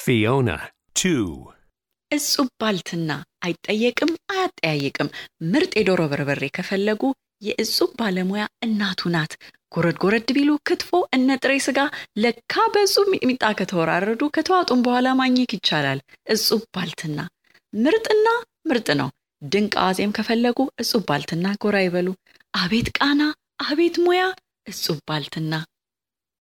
Fiona 2 እጹብ ባልትና አይጠየቅም አያጠያየቅም። ምርጥ የዶሮ በርበሬ ከፈለጉ የእጹብ ባለሙያ እናቱ ናት። ጎረድ ጎረድ ቢሉ ክትፎ እነ ጥሬ ስጋ ለካ በእጹብ ሚጥሚጣ ከተወራረዱ ከተዋጡም በኋላ ማግኘት ይቻላል። እጹብ ባልትና ምርጥና ምርጥ ነው። ድንቅ አዋዜም ከፈለጉ እጹብ ባልትና ጎራ ይበሉ። አቤት ቃና፣ አቤት ሙያ፣ እጹብ ባልትና